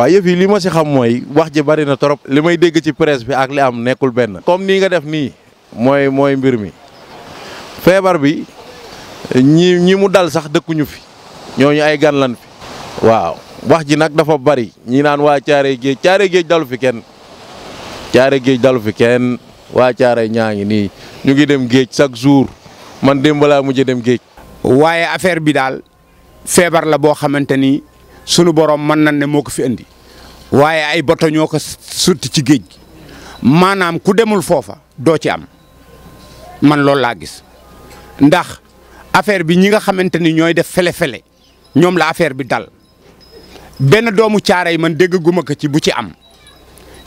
waaw yëf yi li ma si xam mooy wax ji bari na trop li may dégg ci presse bi ak li am nekkul benn. comme nii nga def nii mooy mooy mbir mi feebar bi ñi ñi mu dal sax dëkkuñu fi ñooñu ay gan lan fi. waaw wax ji nag dafa bari ñi naan waa Caare Géej Caare Géej dalu fi kenn Caare Géej dalu fi kenn waa Caare ñaa ngi nii ñu ngi dem géej chaque jour man démb laa mujj dem géej. waaye affaire bi daal feebar la boo xamante ni. sunu borom mën nañ ne moo ko fi indi waaye ay boto ñoo ko sotti ci géej gi maanaam ku demul foofa doo ci am man loolu laa gis ndax affaire bi ñi nga xamante ni ñooy def fele-fele ñoom la affaire bi dal benn doomu caare yi man dégg guma ko ci bu ci am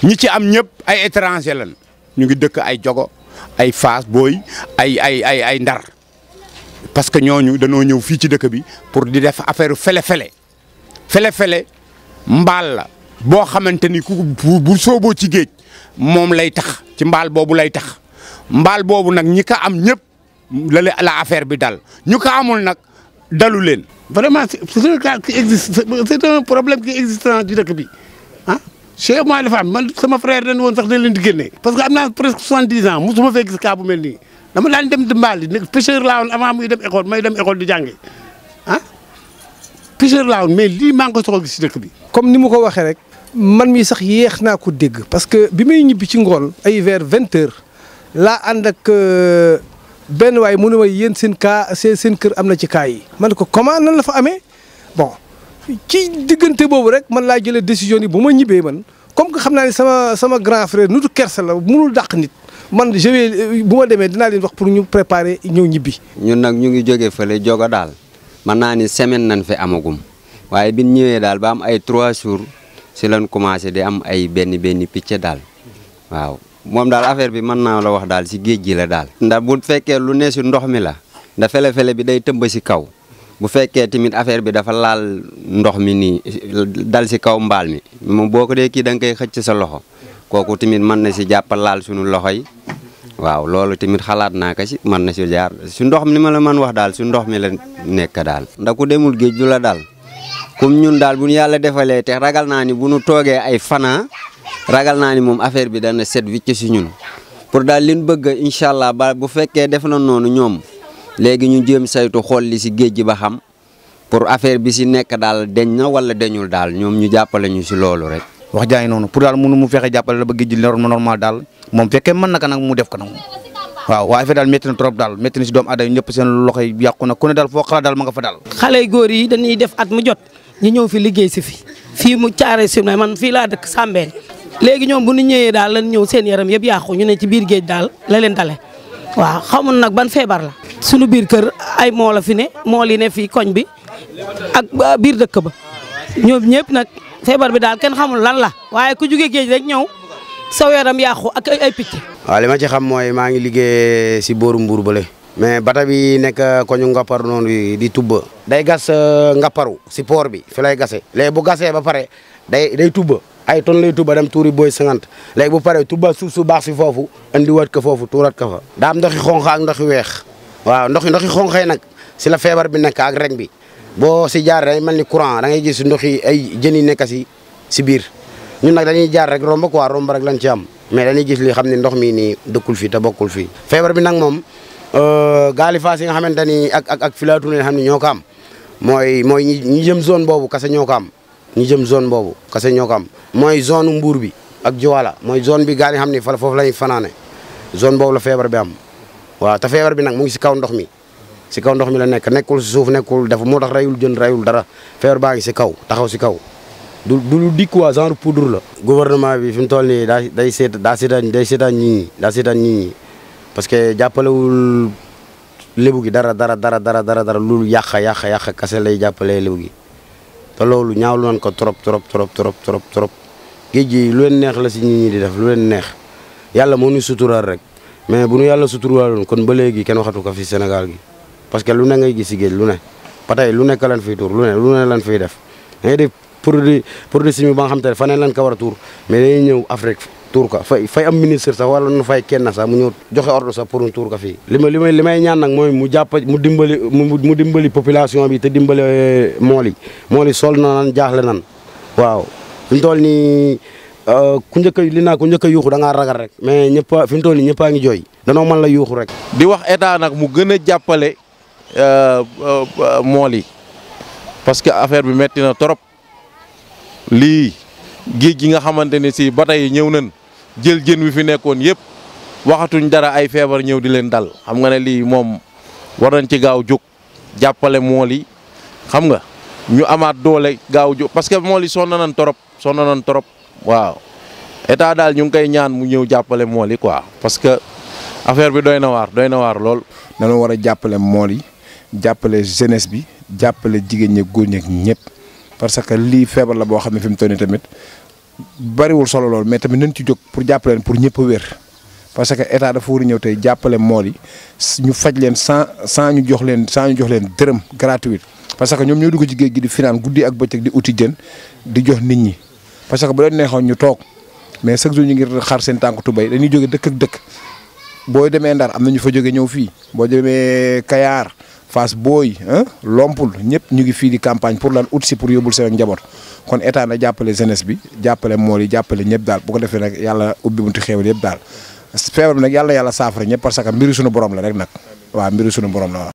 ñi ci am ñëpp ay étranger lan ñu ngi dëkk ay jogo ay faas booy ay ay ay ay ndar parce que ñooñu dañoo ñëw fii ci dëkk bi pour di def affaire fele-fele fele-fele mbaal la boo xamante ni ku bu sooboo ci géej moom lay tax ci mbaal boobu lay tax mbaal boobu nag ñi ko am ñëpp la la affaire bi dal ñu ko amul nag dalu leen. vraiment c'est un cas problème qui existe ci dëkk bi ah chez moi dafa am man sama frère dañ woon sax dañ leen di parce que am naa presque soixante-dix ans mosuma fee gis cas mel nii dama daan dem di mbaal di nekk pêcheur laa woon avant muy dem dem école di jàngi. piseur laa mais lii maa ngi ko soxla dëkk bi. comme ni mu ko waxee rek man mi sax yéex naa ko dégg parce que bi may ñibbi ci ngoon ay ver vingt heures laa ànd ak euh, benn waay mu ne ma yéen seen kaa seen seen kër am na ci kaa yi. man ko comment nan la fa amee bon ci diggante boobu rek man laa jëlee décision yi bu ma ñibbee man comme que xam naa ne sama sama grand frère nitu kersa la mënul dàq nit. man je vais euh, bu ma demee dinaa leen wax pour ñu préparer ñëw ñibbi. ñun nag ñu ngi jóge fële joga daal. mën naa ni semaine nañ fi amagum waaye bi ñu ñëwee daal ba am ay trois jours si lañ commencé di am ay benn benn picc daal waaw moom daal affaire bi mën naa la wax daal si géej gi la daal. ndax bu fekkee lu ne si ndox mi la ndax fele-fele bi day tëmb si kaw bu fekkee tamit affaire bi dafa laal ndox mi nii dal si kaw mbaal mi moom boo ko dee kii da nga koy xëcc sa loxo kooku tamit mën na si jàppal laal sunu loxo yi waaw loolu tamit xalaat naa ko ci mën na si jaar su ndox mi ni ma la man wax daal su ndox mi la nekk daal. ndax ku demul géej du la daal comme ñun daal bu ñu yàlla defalee te ragal naa ni bu nu toogee ay fanaa ragal naa ni moom affaire bi dana set wicc si ñun pour daal li ñu bëgg incha allah ba bu fekkee def na noonu ñoom léegi ñu jéem saytu xool li si géej gi ba xam pour affaire bi si nekk daal deñ na wala deñul daal ñoom ñu jàppale ñu si loolu rek. wax jaay nonu pour dal munu mu fexé jàppale la bëgg ji normal dal. mom fekké man naka nak mu def ko nag waaw waaye fa dal metti na trop dal metti na ci doom aada ñëpp seen loxo yi ku ne dal fo xala dal ma nga fa dal xalé goor yi dañuy def at mu jot ñi ñëw fi liggéey ci fi fi mu ci man fi la dëkk sambé légui ñom bu ñu ñëwé dal lañ ñëw seen yaram yëpp yàqu ñu ne ci biir geej dal la leen dalé waaw xamul nak ban fébar la. sunu biir kër ay mool la fi né mool yi né fi koñ bi ak ah, biir dëkk ba ñom ñëpp nak feebar bi daal kenn xamul lan la waaye ku jugee géej rek ñëw sa weeram yàqu ak ay picc. waaw li ma ci xam mooy maa ngi liggéey si booru Mbour bële. mais bata bi nekk koñu ngappar noonu di tubba day gas euh, nga paru si poor bi fi lay gase léegi bu gasee ba pare day day tubba ay ton lay tubba dem tuuri booy cinquante léegi bu pare tubba suuf su baax si foofu andiwaat ko foofu tuuraat ka fa daa am ndoxi xonq ak ndoxi weex waaw ndoxi ndoxi xonq yi nag si la feebar bi nekk ak rek bi boo si jaar ay mel ni courant da ngay gis ndox yi ay jën yi nekk si si biir ñun nag dañuy jaar rek romb quoi romb rek lañ ci am mais dañuy gis li xam ne ndox mi nii dëkkul fii te bokkul fii. feebar bi nag moom euh, gaali faas yi nga xamante ni ak ak ak filaatu ne xam ne ñoo ko am mooy mooy ñi jëm zone boobu kase ñoo ko am ñi jëm zone boobu kase ñoo ko am mooy zone mbuur bi ak Joala mooy zone bi gaal yi ni ne foofu lañuy fanaane zone boobu la feebar bi am waaw te feebar nag mu ngi si kaw ndox mi. si kaw ndox mi la nekk nekkul si suuf nekkul dafa moo tax rayul jën rayul dara feebar baa ngi si kaw taxaw si kaw du du lu dikk waa genre poudre la. gouvernement bi fi mu toll nii daa day seet daa seetaan day seetaan daa seetaan nit parce que jàppalewul lébu gi dara dara dara dara dara dara loolu yàq yàq yàq kase lay jàppalee lébu gi te loolu ñaawlu nañ ko trop trop trop trop trop trop géej gi lu neex la si nit di def lu leen neex yàlla moo nu suturaal rek mais bu ñu yàlla suturaaloon kon ba léegi kenn waxatu ko fi Sénégal gi. parce que luna ngay gis luna géej lu luna pataay lan fiy tour luna luna lan fiy def ngay def produit produit simi ba nga xamantene te lan ka war tour mais dañuy ñew Afrique tour ka fay fay am ministre sax wala ñu fay kenn sax mu ñu joxe ordre sax pour ñu ka fi li ma limay ñaan nak moy mu japp mu dimbali mu dimbali population bi te dimbali eh, moli moli sol na nan jaxle nan waaw fi tol ni euh, ku ñëk li na ku ñëk yuuxu da nga ragal rek mais ñepp fi tol ni ñepp nga joy ngi no man la yuuxu rek di wax état nag mu gëna jappalé Euh, euh, mool yi parce que affaire bi metti na trop lii géej gi nga xamante ni si ba tey ñëw nan jël jën wi fi nekkoon yëpp waxatuñ dara ay feebar ñëw di leen dal xam nga ne lii moom war nañ ci gaaw jóg jàppale mool yi xam nga ñu amaat doole gaaw jóg parce que mool yi sonn nañ trop sonn nañ trop waaw état daal ñu ngi koy ñaan mu ñëw jàppale mool yi quoi parce que affaire bi doy na waar doy na waar lool. dañoo war a jàppale mool yi. jàppale jeunesse bi jàppale jigéen ñi góor ñi ak ñëpp parce que lii feebar la boo xam ne fi mu toll tamit bariwul solo lool mais tamit nañ ci jog pour jàppale leen pour ñëpp a wér. parce que état dafa war ñëw tey jàppale mool yi ñu faj leen san san ñu jox leen sans jox leen dërëm gratuit parce que ñoom ñoo dugg ci géej gi di finaan guddi ak bëccëg di uti jën di jox nit ñi. parce que bu leen neexoon ñu toog mais chaque jour ñu ngi xar seen tànk tubéy dañuy jóge dëkk ak dëkk boo demee Ndar am na ñu fa jóge ñëw fii boo demee Kayaar. Fass booy ah Lompul ñëpp ñu ngi fii di campagne pour lan ut si pour yóbbul seen njaboot kon état na jàppale jeunesse bi jàppale mool yi jàppale ñëpp daal bu ko defee nag yàlla ubbi bunti xéewal yëpp daal feebar bi nag yàlla yàlla saafara ñëpp parce que mbiru suñu borom la rek nag waaw mbiru suñu borom la